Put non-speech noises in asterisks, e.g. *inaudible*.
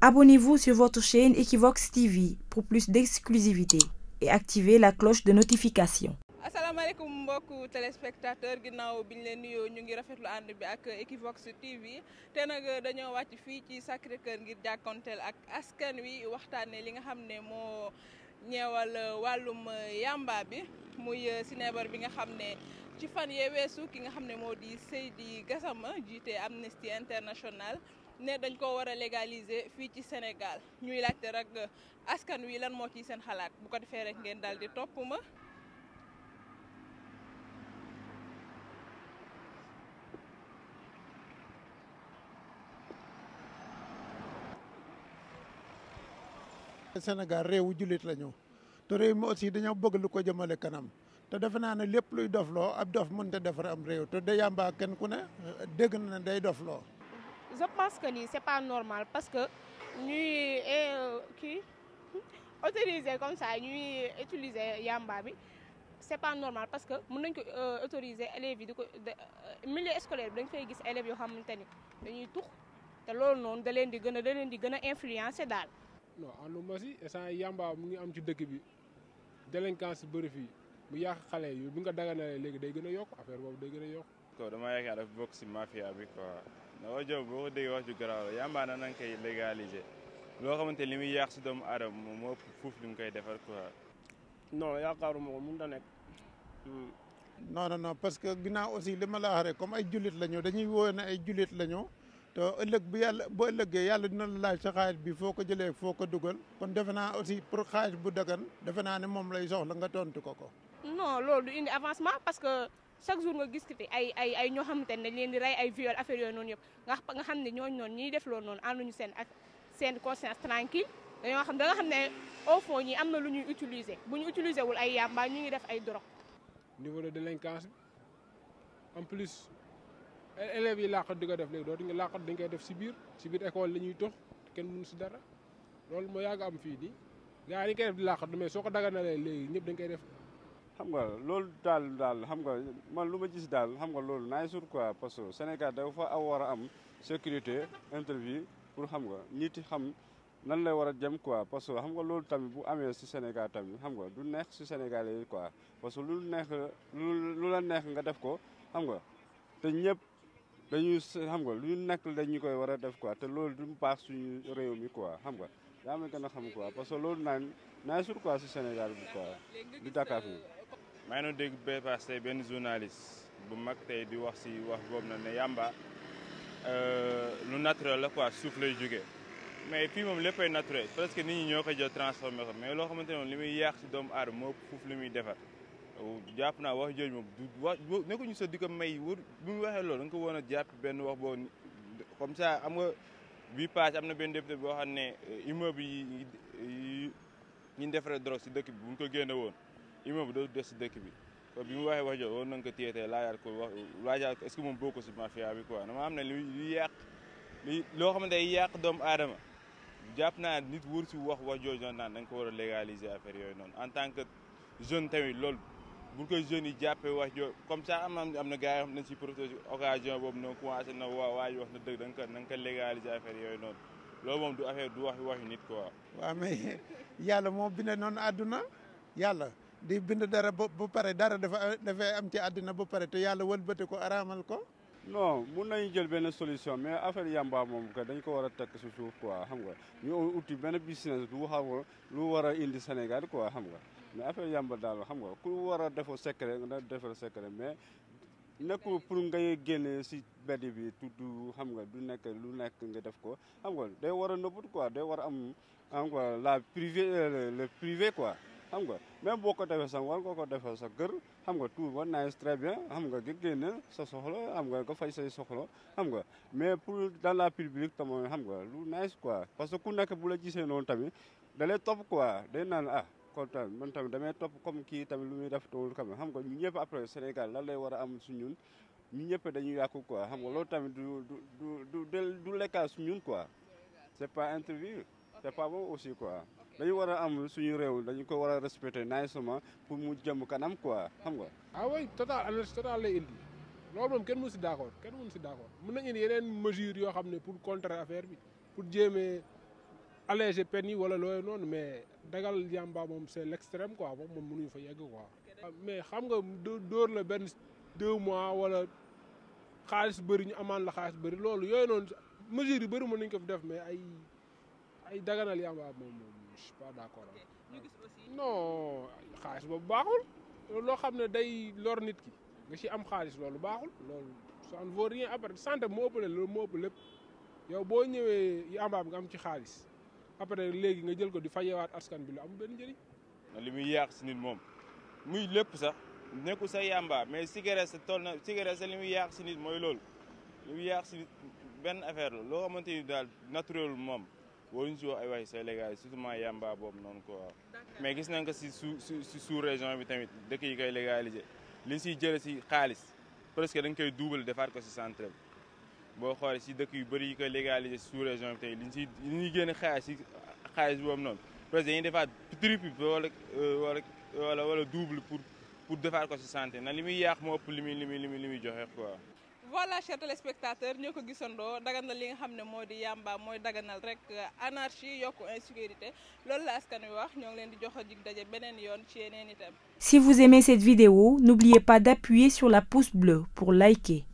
Abonnez-vous sur votre chaîne Equivox TV pour plus d'exclusivité et activez la cloche de notification. asalaamaaleykum mbokk téléspectateur ginnaaw bi ñu leen nuyoo ñu ngi rafetlu ànd bi ak Equivox TV te nag dañoo wàcc fii ci Sacré-Cœur ngir jàkkonteel ak askan wi waxtaanee li nga xam ne moo ñeewal wàllum yamba bi muy sinébar bi nga xam ne. ci fan yee weesu ki nga xam ne moo di Seydi gasama jiite Amnesty International ne dañ ko war a fii ci Sénégal ñuy laajte rek askan wi lan moo ciy seen xalaat bu ko defee rek ngeen daal di topp ma. Sénégal réewu jullit la ñu te réew mi dañoo bëgg lu ko kanam te defe naa ne lépp luy dofloo ab dof mënta defar am réew te da yàmbaa kenn ku ne dégg na day dofloo je pense que nii c'est pas normal parce que ñuy eh, kii *laughs* autoriser comme ça ñuy utiliser yamba bi c'est pas normal parce que mën nañ ko euh, autoriser élèves yi di ko euh, milieu scolaire bi dañ fay gis élèves yoo xamante ni dañuy tux te loolu noonu da leen di gën a da di gën a influencer daal. non ànduma si instant yamba mu ngi am ci dëkk bi délinquance bëri fii mu yàq xale yi bu nga daganalee léegi day gën a yokk affaire boobu day gën a yokk. ko dama yaakaar daf bokk si mafia bi quoi. ndax jow boo ko déggee wax ju garaaw la loo xamante li muy yàq si doomu aadama moo ëpp fuuf li mu koy defar quoi. non yaakaaruma ko mënut a nekk. Hmm. non non non parce que ginnaaw aussi li ma la wax rek comme ay jullit lañu dañuy wóor ne ay jullit lañu te lëg bu yàlla bu ëllëgee yàlla dina la laaj sa xaalis bi foo ko jëlee foo ko dugal kon defe aussi pour xaalis bu dagan defe ne moom lay soxla nga tontu ko ko. non loolu du indi avancement parce que. chaque jour nga gis fi ay ay ay ñoo xamante ne dañ leen di rey ay viol affaire yooyu noonu yëpp nga nga xam ne ñooñu noonu ñiy def loolu noonu ànduñu seen ak seen conscience tranquille dañoo xam da nga xam ne au fond ñi am na lu ñuy utiliser bu ñu utiliser wul ay yàmba ñu ngi def ay drogue. niveau de délinquance en plus élèves yi làqat di ko def léegi dootuñu làqat dañ koy def si biir si biir école la ñuy tox kenn mënu si dara loolu moo yàgg am fii nii gars yi dañ koy def di làqat mais soo ko daganalee léegi ñëpp dañ koy def. xam nga loolu daal daal xam nga man lu ma gis daal xam nga loolu naay sur quoi parce que Sénégal dafa aw war a am sécurité interview pour xam nga nit xam nan lay war a jëm quoi parce que xam nga loolu tamit bu amee si Sénégal tamit xam nga du neex si Sénégalais quoi parce que lu neex lu la neex nga def ko xam nga te ñëpp dañuy xam nga lu ñu nekk dañu koy war a def quoi te loolu du baax suñu réew mi quoi xam nga daa ma gën a xam quoi parce que loolu naan naay sur quoi si Sénégal bi quoi du Dakar fii maa ngi doon dégg ba benn journaliste bu mag tey di wax si wax boobu nag ne yàmba euh, lu naturel la quoi suuf lay jógee mais fii moom léppay naturel presque nit ñi ñoo ko jël transformé ko mais loo xamante ne li muy yàq si doomu aadama moo fuuf li muy defar jàpp naa wax jooju moom du wax nekkuñu sa di ko may wër bu mu waxee loolu da nga ko woon a jàpp benn wax boobu comme ça am nga bii paase am na benn député boo xam ne euh, immeuble yi ñu defaree drogue si dëkk bi bu ñu ko génne woon immeuble doo des si dëkk bi kon bi mu waxee wax jo woon na nga ko téye tey ko wax ko est moom bokk si mafia bi quoi dama xam ne li li yàq li loo xamante day yàq doomu aadama jàpp naa nit wër si wax wax jooju noonu naan da ko war a légaliser affaire yooyu noonu en tan que jeune tamit lool bu ko yi jàppee wax joo comme ça am am na gars yoo xam ne si profité occasion boobu noonu commencé na waa waa wax na dëgg da nga ko da nga ko yooyu noonu loolu moom du affaire du wax waxi nit quoi. waaw mais yàlla moo bindee noonu àdduna di bind dara ba ba pare dara dafa dafay am ci àddina ba pare te yàlla walbate ko araamal ko. non mun nañu jël benn solution mais affaire yamba moom que dañ ko war a tekk si suuf quoi xam nga ñu uti benn business bu xam nga lu war a indi Sénégal quoi xam nga mais affaire yamba daal xam nga ku war a defoo secret nga defal secret mais nekkul pour ngay génne si mbedd bi tudd xam nga du nekk lu nekk nga def ko xam nga day war a nëbbut quoi day war a am xam nga la privé euh, le privé quoi. xam nga même boo ko defee sa war nga ko defee sa kër xam nga tout war tre très bien xam nga nga génne sa soxla xam nga nga fay say soxla xam nga mais pour dans la publique tamit xam nga lu nice quoi parce que ku nekk bu la gisee noonu tamit da lay topp quoi day naan a ah, kontaan man tamit damay topp comme kii tamit lu muy def tool xam nga ñu ñëpp après Sénégal lan lay war a am su ñun ñu ñëpp dañuy yàqu quoi xam nga loolu tamit du du du du lekkaas ñun quoi c'est pas interview c'est pas bon aussi quoi dañu war a am suñu réew lañu ko war a respecté naajusement pour mu jëm kanam quoi xam nga. ah oui total analyse total lay indi loolu moom kenn mënu si d' accord kenn mënu si d' mun mën nañu indi yeneen mesures yoo xam ne pour contrer affaire bi pour jéeme alléger pen yi wala looy noonu mais dagal yàmba moom c' est l' extrême moom moom mënuñu fa yegg quoi. mais xam nga dóor la benn deux mois wala xaalis bëri ñu amaan xaalis bëri loolu yooyu noonu mesures yu bëri mun nañ ko fi def mais ay ay daganal yàmba moom moom. je suis d' accord non xaalis boobu baaxul loo xam ne day lor nit ki nga ci am xaalis loolu baaxul loolu ça ne vaut rien après santé moo ëppale loolu moo ëpp lépp yow boo ñëwee yi nga am ci xaalis après léegi nga jël ko di fayewaat askan bi lu am benn njëriñ. li muy yàq si nit moom muy lépp sax nekku sa yambaam mais cigarette sa toll na cigarette sa li muy yàq si nit mooy loolu li muy yàq si nit benn affaire la loo xamante ni daal naturel moom. waruñu si wax ay waxi say légal surtout maa boobu noonu quoi. mais gis nañ ko si sous si sous région bi tamit dëkk yi koy li liñ siy jëlee si xaalis presque dañ koy double defaat ko si centre bi boo xoolee si dëkk yu bëri yi koy légaliser si sous région bi tamit li ñuy génne xaalis si xaalis boobu noonu presque dañuy defaat triple wala euh, wala wala wala double pour pour defaat ko si santé na li muy yaax moo ëpp li muy li muy li muy joxe quoi. voilà chers téléspectateurs ñoo ko gisandoo dagana li nga xam ne moo di yamba mooy daganal rek euh, anarchie yokk insécurité loolu la askan wi wax ñoo ngi leen di jox dig daje beneen yoon ci yeneen itam. Si vous aimez cette vidéo n'oubliez pas d'appuyer sur la pouce bleue pour liker.